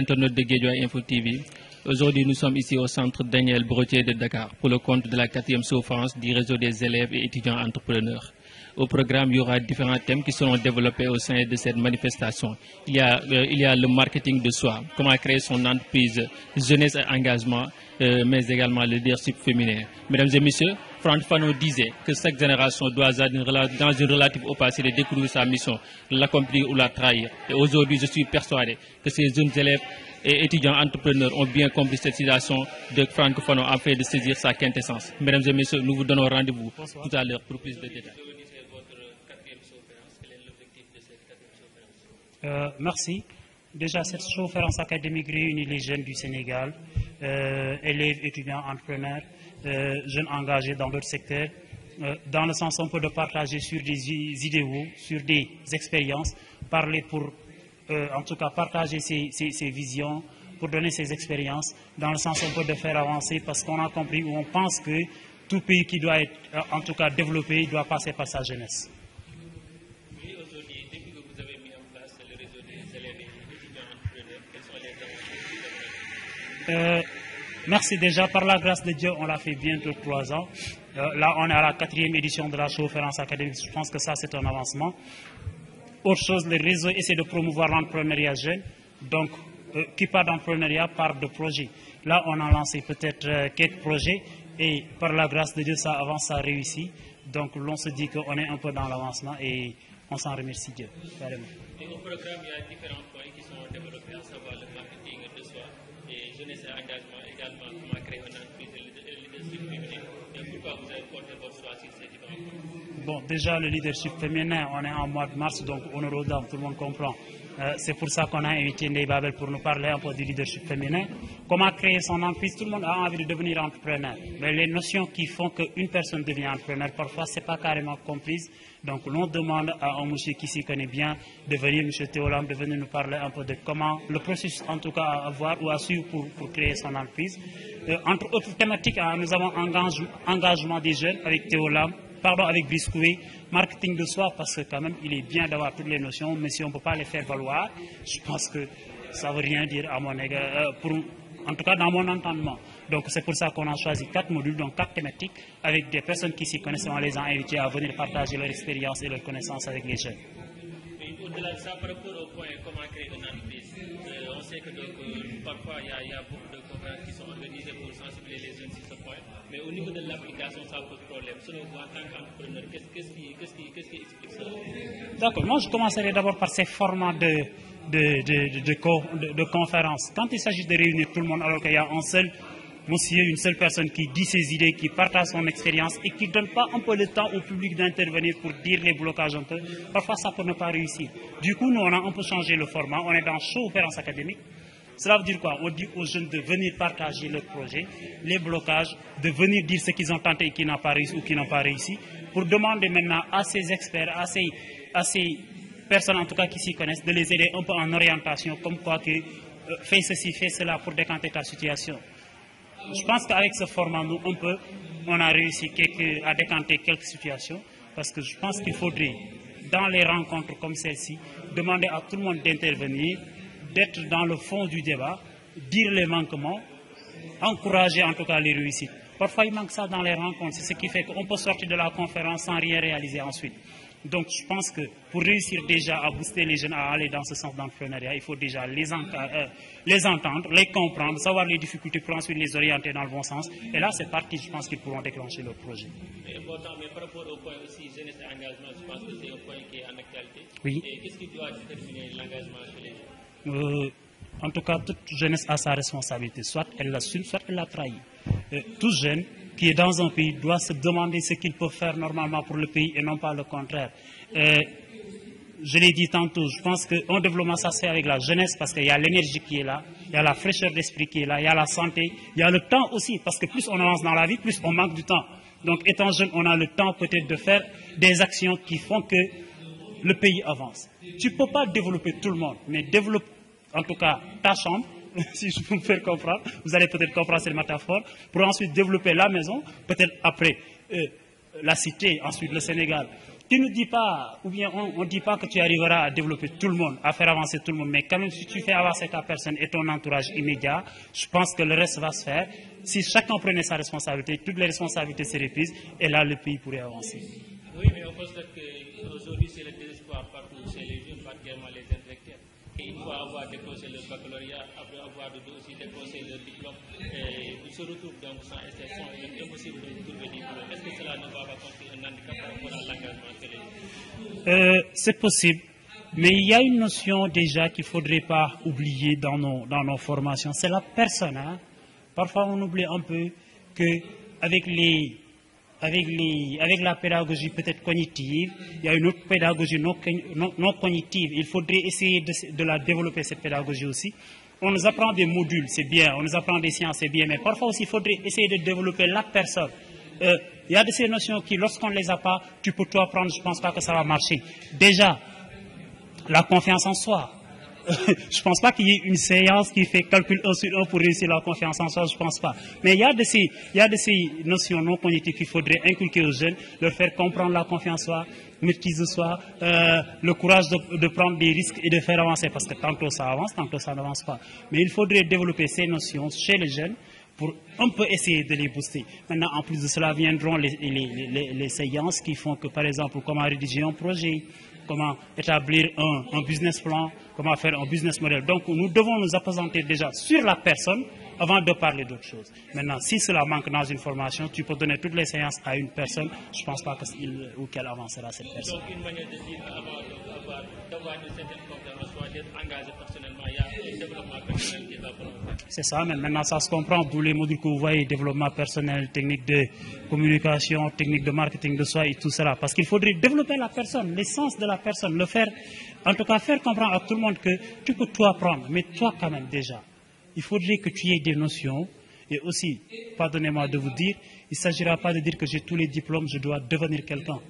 internautes de Guédiois Info TV. Aujourd'hui, nous sommes ici au centre Daniel Bretier de Dakar pour le compte de la quatrième souffrance du réseau des élèves et étudiants entrepreneurs. Au programme, il y aura différents thèmes qui seront développés au sein de cette manifestation. Il y a, euh, il y a le marketing de soi, comment créer son entreprise, jeunesse et engagement, euh, mais également le leadership féminin. Mesdames et messieurs, Franck Fano disait que chaque génération doit, dans une relative opacité, découvrir sa mission, l'accomplir ou la trahir. Et aujourd'hui, je suis persuadé que ces jeunes élèves et étudiants entrepreneurs ont bien compris cette situation de Franck Fano afin de saisir sa quintessence. Mesdames et messieurs, nous vous donnons rendez-vous tout à l'heure pour plus de détails. Euh, merci. Déjà, cette conférence académique réunit les jeunes du Sénégal, euh, élèves, étudiants, entrepreneurs, euh, jeunes engagés dans leur secteur, euh, dans le sens un peu de partager sur des idéaux, sur des expériences, parler pour, euh, en tout cas, partager ses, visions, pour donner ses expériences, dans le sens un peu de faire avancer, parce qu'on a compris ou on pense que tout pays qui doit être, en tout cas, développé, doit passer par sa jeunesse. Oui, aujourd'hui, que vous avez mis en place le réseau Merci déjà, par la grâce de Dieu, on l'a fait bientôt trois ans. Euh, là, on est à la quatrième édition de la conférence académique. Je pense que ça, c'est un avancement. Autre chose, le réseau essaie de promouvoir l'entrepreneuriat jeune. Donc, euh, qui part d'entrepreneuriat part de projet. Là, on a lancé peut-être euh, quelques projets et par la grâce de Dieu, ça avance, ça réussit. Donc, l'on se dit qu'on est un peu dans l'avancement et on s'en remercie Dieu. Carrément. الدنيا سعيدة مع إجابة مع كريمة في اللي اللي تسلم فيه Bon, déjà, le leadership féminin, on est en mois de mars, donc on est dame, tout le monde comprend. Euh, c'est pour ça qu'on a invité Nébabel Babel pour nous parler un peu du leadership féminin. Comment créer son entreprise Tout le monde a envie de devenir entrepreneur. Mais les notions qui font qu'une personne devient entrepreneur, parfois, ce n'est pas carrément comprise. Donc, l'on demande à un monsieur qui s'y connaît bien de venir, monsieur Théolam, de venir nous parler un peu de comment, le processus en tout cas à avoir ou à suivre pour, pour créer son entreprise. Euh, entre autres thématiques, hein, nous avons engagement des jeunes avec Théolam, pardon, avec Biscoué, marketing de soi, parce que quand même, il est bien d'avoir toutes les notions, mais si on ne peut pas les faire valoir, je pense que ça ne veut rien dire à mon égard, euh, en tout cas dans mon entendement. Donc c'est pour ça qu'on a choisi quatre modules, donc quatre thématiques, avec des personnes qui s'y connaissent, on les a invités à venir partager leur expérience et leurs connaissances avec les jeunes. Au-delà de ça, par rapport au point comment créer une euh, on sait que parfois il y a beaucoup de qui sont organisées pour sensibiliser les jeunes sur ce point. Mais au niveau de l'application, ça pose problème. Selon vous, en tant qu'entrepreneur, qu'est-ce qui, qu qui, qui, explique cela D'accord. Moi, je commencerai d'abord par ces formats de, de, de, de conférences. Quand il s'agit de réunir tout le monde alors qu'il y a un seul monsieur, une seule personne qui dit ses idées, qui partage son expérience et qui ne donne pas un peu le temps au public d'intervenir pour dire les blocages un peu, parfois ça peut ne pas réussir. Du coup, nous, on a un peu changé le format. On est dans show, opérance académique. Cela veut dire quoi On dit aux jeunes de venir partager leurs projet, les blocages, de venir dire ce qu'ils ont tenté et qui n'ont pas réussi ou qui pas pour demander maintenant à ces experts, à ces, à ces personnes en tout cas qui s'y connaissent, de les aider un peu en orientation, comme quoi que euh, fais ceci, fais cela pour décanter ta situation. Je pense qu'avec ce format, nous, on peut, on a réussi quelques, à décanter quelques situations, parce que je pense qu'il faudrait, dans les rencontres comme celle-ci, demander à tout le monde d'intervenir d'être dans le fond du débat, dire les manquements, encourager en tout cas les réussites. Parfois, il manque ça dans les rencontres. C'est ce qui fait qu'on peut sortir de la conférence sans rien réaliser ensuite. Donc, je pense que pour réussir déjà à booster les jeunes à aller dans ce sens d'entrepreneuriat, il faut déjà les, euh, entendre, les comprendre, savoir les difficultés pour ensuite les orienter dans le bon sens. Et là, c'est parti, je pense qu'ils pourront déclencher leur projet. mais par rapport au point aussi, et je pense que c'est un point qui est en actualité. Oui. Et qu'est-ce qui doit l'engagement euh, en tout cas, toute jeunesse a sa responsabilité. Soit elle l'assume, soit elle la trahit. Euh, tout jeune qui est dans un pays doit se demander ce qu'il peut faire normalement pour le pays et non pas le contraire. Euh, je l'ai dit tantôt, je pense qu'un développement, ça se fait avec la jeunesse parce qu'il y a l'énergie qui est là, il y a la fraîcheur d'esprit qui est là, il y a la santé, il y a le temps aussi parce que plus on avance dans la vie, plus on manque du temps. Donc étant jeune, on a le temps peut-être de faire des actions qui font que le pays avance. Tu ne peux pas développer tout le monde, mais développe en tout cas ta chambre, si je peux me faire comprendre. Vous allez peut-être comprendre cette métaphore, pour ensuite développer la maison, peut-être après euh, la cité, ensuite le Sénégal. Tu ne dis pas, ou bien on ne dit pas que tu arriveras à développer tout le monde, à faire avancer tout le monde, mais quand même si tu fais avancer ta personne et ton entourage immédiat, je pense que le reste va se faire. Si chacun prenait sa responsabilité, toutes les responsabilités seraient prises, et là le pays pourrait avancer. Oui, mais on constate qu'aujourd'hui, c'est le désespoir partout c'est les jeunes, particulièrement les Et Il faut avoir déposé le baccalauréat, après avoir aussi déposé le diplôme, et ils se retrouvent donc sans exception, il est impossible de trouver le diplôme. Est-ce que cela ne va pas constituer un handicap par rapport à l'engagement euh, C'est possible. Mais il y a une notion déjà qu'il ne faudrait pas oublier dans nos, dans nos formations, c'est la personne. Hein. Parfois, on oublie un peu qu'avec les avec, la pédagogie peut-être cognitive, il y a une autre pédagogie non, cognitive. Il faudrait essayer de, la développer, cette pédagogie aussi. On nous apprend des modules, c'est bien, on nous apprend des sciences, c'est bien, mais parfois aussi, il faudrait essayer de développer la personne. Euh, il y a de ces notions qui, lorsqu'on ne les a pas, tu peux tout apprendre, je ne pense pas que ça va marcher. Déjà, la confiance en soi, je pense pas qu'il y ait une séance qui fait calcul 1 sur 1 pour réussir la confiance en soi, je pense pas. Mais il y a de ces, notions non cognitives qu'il faudrait inculquer aux jeunes, leur faire comprendre la confiance en soi, maîtrise de soi, euh, le courage de, prendre des risques et de faire avancer, parce que tant que ça avance, tant que ça n'avance pas. Mais il faudrait développer ces notions chez les jeunes pour un peu essayer de les booster. Maintenant, en plus de cela, viendront les séances qui font que, par exemple, comment rédiger un projet, comment établir un, business plan, comment faire un business model. Donc nous devons nous apprésenter déjà sur la personne avant de parler d'autre chose. Maintenant, si cela manque dans une formation, tu peux donner toutes les séances à une personne, je ne pense pas qu'il ou qu'elle avancera cette personne. Donc, une manière de dire C'est ça, mais maintenant ça se comprend, tous les modules que vous voyez, développement personnel, technique de communication, technique de marketing de soi et tout cela. Parce qu'il faudrait développer la personne, l'essence de la personne, le faire, en tout cas faire comprendre à tout le monde que tu peux tout apprendre, mais toi quand même déjà il faudrait que tu aies des notions. Et aussi, pardonnez-moi de vous dire, il ne s'agira pas de dire que j'ai tous les diplômes, je dois devenir quelqu'un.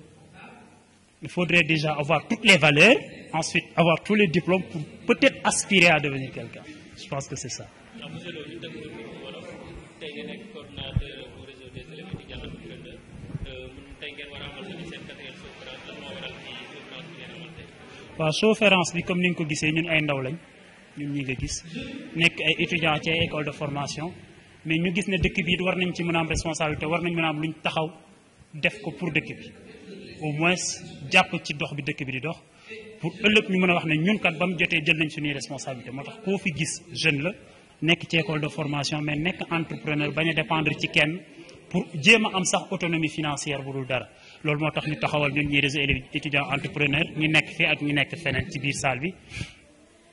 Il faudrait déjà avoir toutes les valeurs, ensuite avoir tous les diplômes pour peut-être aspirer à devenir quelqu'un. Je pense que c'est ça. comme ñun ñi nga gis nekk ay étudiants ci ay école de formation mais ñu gis ne dëkk bi war nañ ci mën a am responsabilité war nañ mën a am luñ taxaw def ko pour dëkk bi au moins jàpp ci dox bi dëkk bi di dox pour ëllëg ñu mën a wax ne ñun kat ba mu jotee jël nañ suñuy responsabilité moo tax koo fi gis jeune la nekk ci école de formation mais nekk entrepreneur bañ a dépendre ci kenn pour jéem a am sax autonomie financière bu dul dara loolu moo tax ñu taxawal ñun ñi réseau étudiant entrepreneur ñi nekk fii ak ñu nekk feneen ci biir salle bi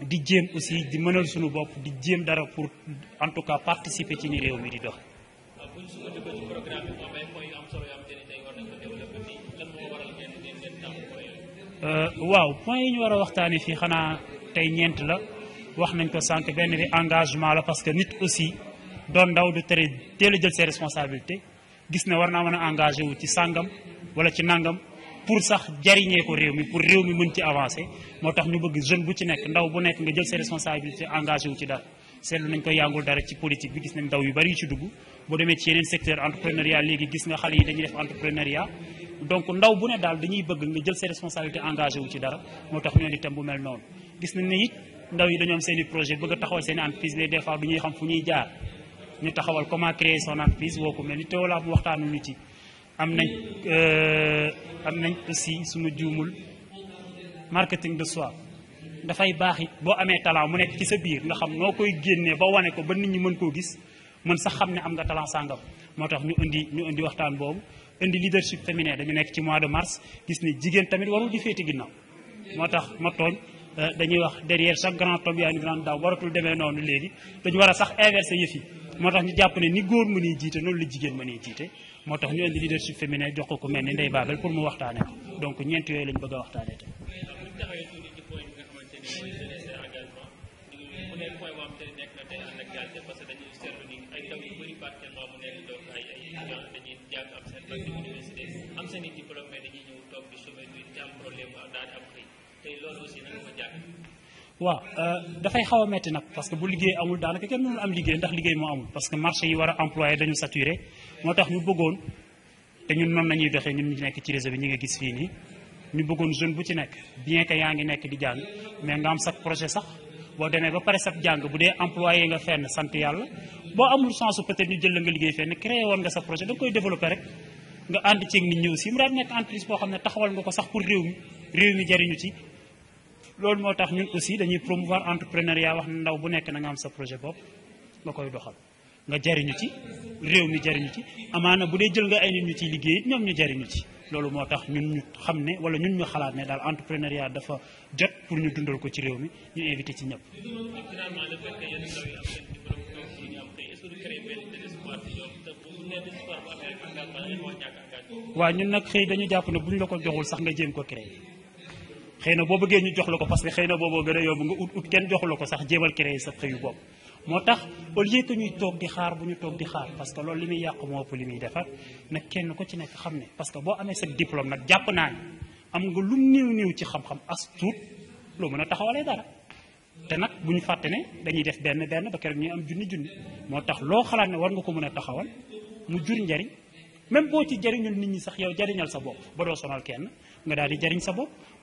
di jéem aussi di mënal suñu bopp di jéem dara pour en tout cas participer ci ni réew mi di dox. Euh, waaw point yi ñu war a waxtaanee fii xanaa tey ñeent la wax nañ ko sànq benn bi engagement la parce que nit aussi doon ndaw du tere teel a jël ses responsabilité gis ne war naa mën a engagé wu ci sàngam wala ci nangam. pour sax jariñé ko réew mi pour réew mi mën ci avancer motax ñu bëgg jeune bu ci nekk ndaw bu nekk nga jël ses responsabilités engagé wu ci dal seetlu nañ ko yangul dara ci politique bi gis nañ ndaw yu bari ci dugg boo démé ci yeneen secteur entrepreneuriat légui gis nga xale yi dañuy def entrepreneuriat donc ndaw bu ne dal dañuy bëgg nga jël ses responsabilités engagé wu ci dara motax ñu ñoo di tam bu mel non gis nañ ne yi ndaw yi dañu am seen projet bëgg taxaw seen i entreprise les des fois du ñuy xam fu ñuy jaar ñu taxawal comment créer son entreprise woko ko mel ni teewlaa bu waxtaanu nit yi am nañ euh, am nañ aussi suñu juumul marketing de soi dafay baax it boo amee talent mu nekk ci sa biir nga xam noo koy génnee ba wane ko ba nit ñi mën koo gis mën sax xam ne am nga talent sàngam moo tax ñu indi ñu indi waxtaan boobu indi leadership féminin dañu nekk ci mois de mars gis ni jigéen tamit warul di féete ginnaaw moo tax ma tooñ euh, dañuy wax derrière chaque grand homme y a une grande waratul demee noonu léegi dañu war a sax sa yëf yi moo tax ñu jàpp ne ni góor mënee jiite noonu la jigéen mënee jiite moo tax ñu indi leadership féminin jox ko ku mel ne Ndeye Babel pour mu waxtaane ko donc ñeent yooyu lañ bëgg a waxtaane tey am problème daal am xëy te loolu aussi nag ko jàng wa euh, da fay xawa metti nak parce que bu liggéey amul danaka kenn mënul am liggéey ndax liggéey mo amul parce que marché yi war a employé dañu saturé moo tax ñu bëggoon te ñun noonu nañuy doxee ñun ñu nekk ci réseau bi ñi nga gis fii nii ñu bëggoon jeune bu ci nekk bien que yaa ngi nekk di jàng mais nga am sa projet sax boo demee ba pare sab jàng bu dee employé nga fenn sant yàlla boo amul chance peut-être ñu jël la nga liggéey fenn créé woon nga sa projet da nga koy développé rek nga ànd ci nit ñëw si mu daan nekk entreprise boo xam ne taxawal nga ko sax pour réew mi réew mi jariñu ci loolu moo tax ñun aussi dañuy promouvoir entrepreneuriat wax ndaw bu nekk na nga am sa projet bopp nga koy doxal nga jariñu ci réew mi jariñu ci amaana bu dee jël nga ay nit ñu ciy liggéey ñoom ñu jariñu ci loolu moo tax ñu xam ne wala ñun ñu xalaat ne daal entrepreneuriat dafa jot pour ñu dundal ko ci réew mi ñu invité ci ñëpp. waaw ñun nag xëy dañu jàpp ne bu ñu la ko joxul sax nga jéem ko créer. xëy na boo bëggee ñu jox la ko parce que xëy na booboo a yóbbu nga ut ut kenn joxu la ko sax jéemal créer sa xëyu boobu moo tax au lieu que ñuy toog di xaar bu ñu toog di xaar parce que loolu li muy yàq moo ëpp li muy defar nag kenn ko ci nekk xam ne parce que boo amee sa diplôme nag jàpp naa ne am nga lu néew néew ci xam-xam as tuut loo mën a taxawalee dara te nag bu ñu fàtte dañuy def benn benn ba keroog am junni junni moo tax loo xalaat ne war nga ko mën a taxawal mu jur njariñ même boo ci jariñul nit ñi sax yow jariñal sa bopp ba doo sonal kenn nga daal di jariñ sa bopp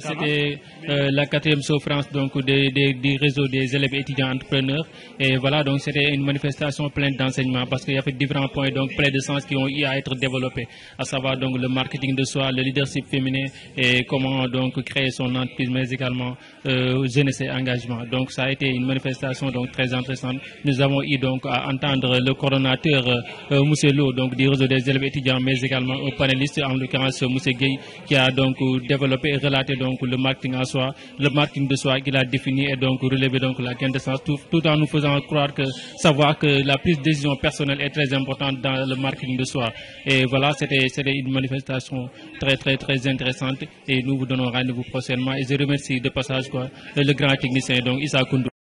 C'était euh, la quatrième souffrance donc, des, des, réseaux des élèves étudiants entrepreneurs. Et voilà, donc c'était une manifestation pleine d'enseignements parce qu'il y avait différents points, donc plein de sens qui ont eu à être développés, à savoir donc le marketing de soi, le leadership féminin et comment donc créer son entreprise, mais également euh, ses et engagement. Donc ça a été une manifestation donc très intéressante. Nous avons eu donc à entendre le coordonnateur euh, euh Moussé donc du réseau des élèves étudiants, mais également au panéliste, en l'occurrence Moussé qui a donc développé relater donc le marketing en soi, le marketing de soi qu'il a défini et donc relever donc la quintessence, tout, tout en nous faisant croire que savoir que la prise de décision personnelle est très importante dans le marketing de soi. Et voilà, c'était une manifestation très très très intéressante et nous vous donnons rendez-vous prochainement. Et je remercie de passage quoi, le grand technicien donc Issa Koundou.